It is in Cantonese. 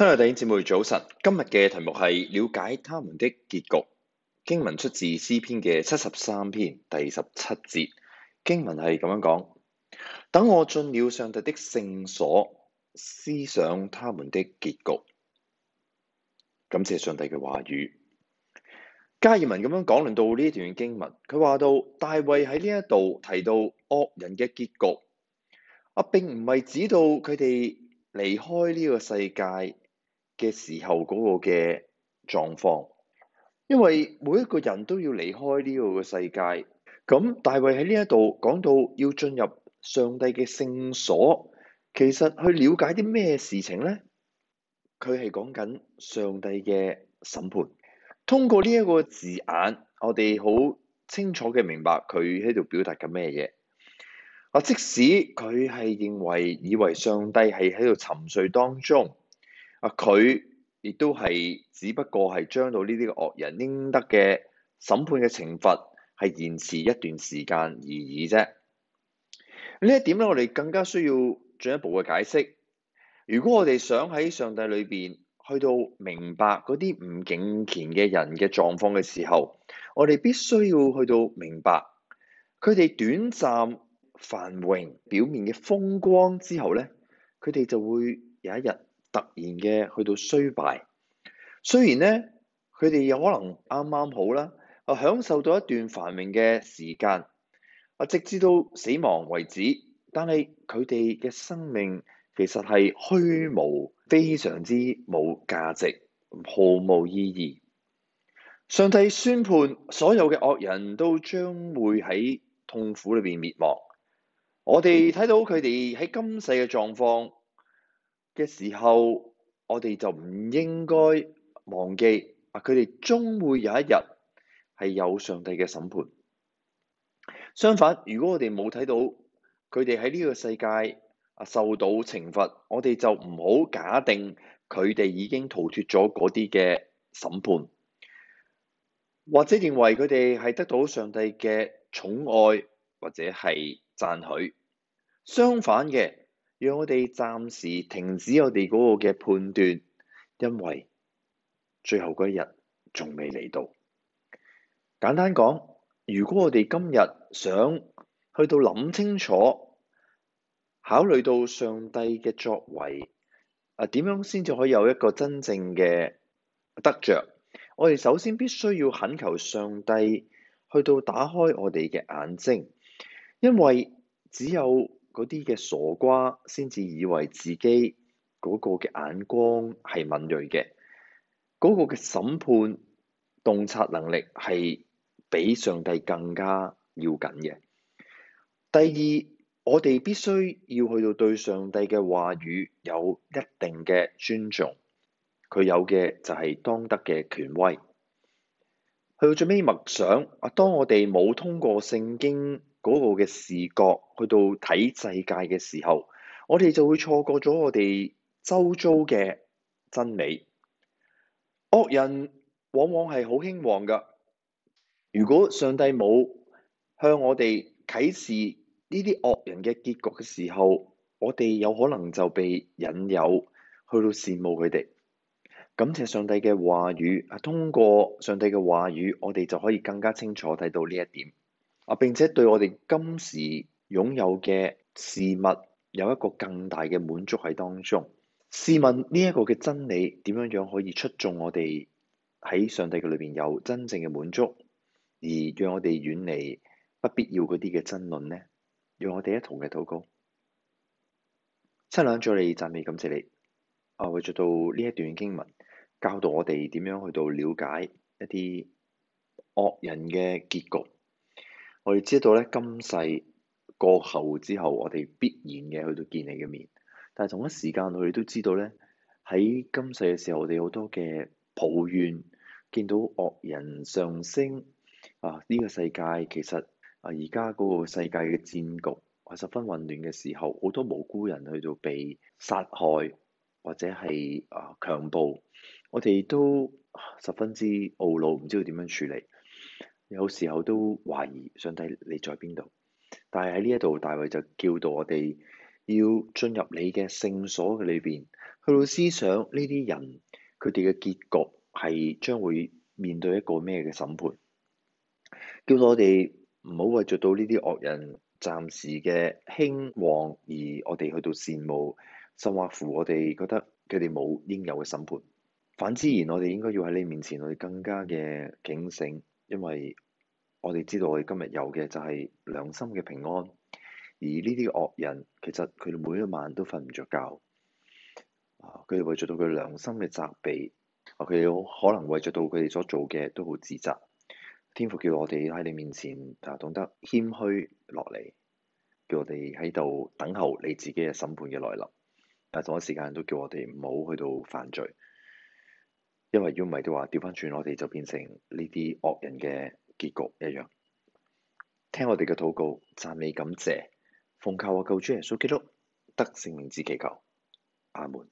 親愛的弟兄姊妹，早晨，今日嘅題目係了解他們的結局。經文出自詩篇嘅七十三篇第十七節，經文係咁樣講：等我進了上帝的聖所，思想他們的結局。感謝上帝嘅話語。加爾文咁樣講論到呢段經文，佢話到大衛喺呢一度提到惡人嘅結局，我並唔係指到佢哋離開呢個世界嘅時候嗰個嘅狀況，因為每一個人都要離開呢個嘅世界，咁大衛喺呢一度講到要進入上帝嘅聖所，其實去了解啲咩事情呢？佢係講緊上帝嘅審判。通過呢一個字眼，我哋好清楚嘅明白佢喺度表達緊咩嘢。啊，即使佢係認為以為上帝係喺度沉睡當中。啊！佢亦都係，只不過係將到呢啲嘅惡人應得嘅審判嘅懲罰係延遲一段時間而已啫。呢一點咧，我哋更加需要進一步嘅解釋。如果我哋想喺上帝裏邊去到明白嗰啲唔敬虔嘅人嘅狀況嘅時候，我哋必須要去到明白佢哋短暫繁榮表面嘅風光之後咧，佢哋就會有一日，突然嘅去到衰敗，雖然呢，佢哋有可能啱啱好啦，啊享受到一段繁榮嘅時間，啊直至到死亡為止，但係佢哋嘅生命其實係虛無，非常之冇價值，毫無意義。上帝宣判所有嘅惡人都將會喺痛苦裏邊滅亡。我哋睇到佢哋喺今世嘅狀況嘅時候，我哋就唔應該忘記啊！佢哋終會有一日係有上帝嘅審判。相反，如果我哋冇睇到佢哋喺呢個世界啊受到懲罰，我哋就唔好假定佢哋已經逃脫咗嗰啲嘅審判，或者認為佢哋係得到上帝嘅寵愛，或者係讚許。相反嘅。讓我哋暫時停止我哋嗰個嘅判斷，因為最後嗰一日仲未嚟到。簡單講，如果我哋今日想去到諗清楚，考慮到上帝嘅作為啊，點樣先至可以有一個真正嘅得着？我哋首先必須要懇求上帝去到打開我哋嘅眼睛，因為只有嗰啲嘅傻瓜先至以為自己嗰個嘅眼光係敏銳嘅，嗰個嘅審判洞察能力係比上帝更加要緊嘅。第二，我哋必須要去到對上帝嘅話語有一定嘅尊重，佢有嘅就係當得嘅權威。去到最尾默想，當我哋冇通過聖經。嗰個嘅視覺去到睇世界嘅時候，我哋就會錯過咗我哋周遭嘅真理。惡人往往係好興旺㗎。如果上帝冇向我哋啟示呢啲惡人嘅結局嘅時候，我哋有可能就被引誘去到羨慕佢哋。感謝上帝嘅話語啊，通過上帝嘅話語，我哋就可以更加清楚睇到呢一點。啊！並且對我哋今時擁有嘅事物有一個更大嘅滿足喺當中。試問呢一個嘅真理點樣樣可以出眾？我哋喺上帝嘅裏邊有真正嘅滿足，而讓我哋遠離不必要嗰啲嘅爭論呢？讓我哋一同嘅禱告。親兩主，你讚美感謝你。啊，為著到呢一段經文，教導我哋點樣去到了解一啲惡人嘅結局。我哋知道咧，今世過後之後，我哋必然嘅去到見你嘅面。但係同一時間，我哋都知道咧，喺今世嘅時候，我哋好多嘅抱怨，見到惡人上升啊，呢、這個世界其實啊，而家嗰個世界嘅戰局係、啊、十分混亂嘅時候，好多無辜人去到被殺害或者係啊強暴，我哋都、啊、十分之懊惱，唔知道點樣處理。有時候都懷疑上帝你在邊度，但係喺呢一度，大衛就叫到我哋要進入你嘅聖所嘅裏邊去到思想呢啲人佢哋嘅結局係將會面對一個咩嘅審判，叫到我哋唔好為著到呢啲惡人暫時嘅興旺而我哋去到羨慕，甚或乎我哋覺得佢哋冇應有嘅審判。反之，而，我哋應該要喺你面前，我哋更加嘅警醒。因為我哋知道我哋今日有嘅就係良心嘅平安，而呢啲惡人其實佢哋每一晚都瞓唔着覺。啊，佢哋為咗到佢良心嘅責備，佢哋可能為咗到佢哋所做嘅都好自責。天父叫我哋喺你面前啊，懂得謙虛落嚟，叫我哋喺度等候你自己嘅審判嘅來臨，但同一時間都叫我哋唔好去到犯罪。因為如果唔係的話，調返轉我哋就變成呢啲惡人嘅結局一樣。聽我哋嘅禱告，讚美感謝，奉靠我救主耶穌基督得勝名字祈求，阿門。